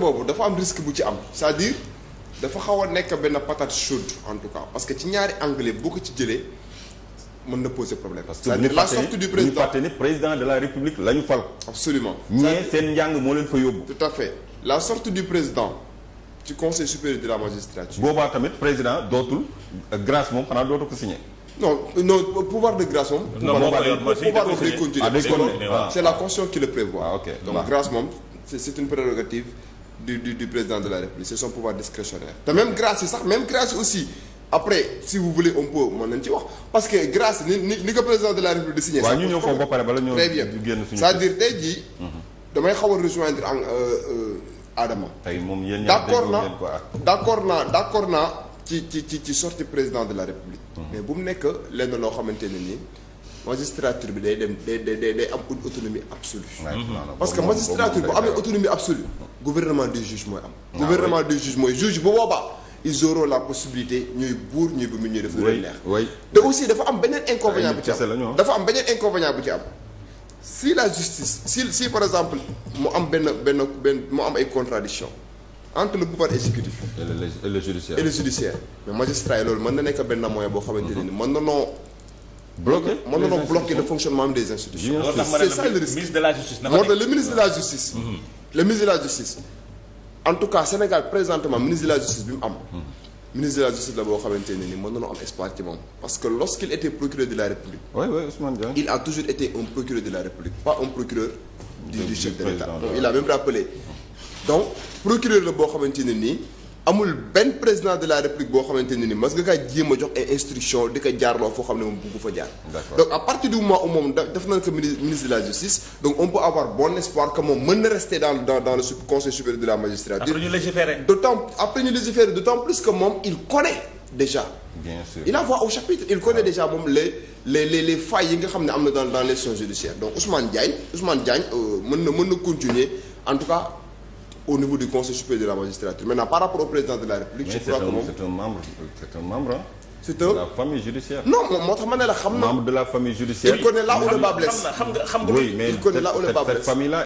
boobu dafa am risque bu ci am cest dire dafa xaw a nekk benn patate chaude en tout cas parce que ci ñaari anglais boo ko ci jëlee mën na poser problème. c'est-à-dire la sortie du président parce que ni président de la république la ñu fal. absolument ñee seen njàng moo leen fa yóbbu. la sortie du président ci conseil supérieur de la magistrature. boobaa tamit président dootul grâce moom xanaa dootu ko signé. non non pouvoir de grâce moom. pouvoir de continuer. Ah, c'est la constitution qui du du du président de la République c'est son pouvoir discrétionnaire te même grâce yi sax même grâce aussi après si vous voulez on peut mën nañ ci wax parce que grâce ni ni ni ko président de la République di signé. waaw ñu ñëw foofu ba pare bala dire tey jii. Mhm. damay xaw a rejoindre en euh, euh, Adama. tey moom yéen d'accord naa ah. d'accord naa ci ci ci ci sortie président de la République. Mhm. mais bu mu nekk lenn loo xamante nii. magistrature bi day dem day day day am une autonomie absolue mhm. parce que magistrature bu amee autonomie absolue gouvernement des juges mooy am ah gouvernement des juges mooy juge bu booba ils auront la possibilité ñuy buur ñuy bu mu ñuy def lu leen neex te aussi dafa am beneen inconvénient bu ci am dafa am beneen inconvénient bu ci am si la justice si si mu am benn benn benn mu am ay contradiction entre le pouvoir exécutif et le judiciaire et le judiciaire loolu mën na nekk benn moyen boo xamante ne ni mhm. mën na noo bloqué mën na noo bloqué le fonctionnement des institutions. c'est ça le risque moo tax le ministre de la justice. Ah. le ministre de la justice. en tout cas Sénégal présentement ministre de la justice bi mu ministre de la justice la boo xamante ni mën nañoo am espoir ci moom parce que lorsqu'il était procureur de la République. il a toujours été un procureur de la République pas un procureur. du du de l'État il a même rappelé donc procureur la boo xamante ne amul benn président de la république boo xamante ni ni mas nga kaa jéem a jox ay instruction di ko jaarloo foo xam ne moom buggu fa jaar donc à partir du moment où moom da def nañ ko ministre de la justice donc on peut avoir bon espoir que moom mën na rester dans dans le conseil supérieur de la magistrature d'autant après ñu légiférer d'autant plus que moom il connaît déjà il a voix au chapitre il connaît déjà moom les les les les nga xam ne am na dans dans l'institution judiciaire donc Ousmane Diagne Ousmane Diagne euh, mën na mën na continuer en tout au niveau du conseil supérieur de la magistrature maintenant par rapport au président de la république. Mais je crois un, que c'est un membre c'est un membre hein? la famille judiciaire. non moom moo tax la membre de la famille judiciaire. il connaît là où le bas blesse. xam nga xam nga oui mais cette famille là.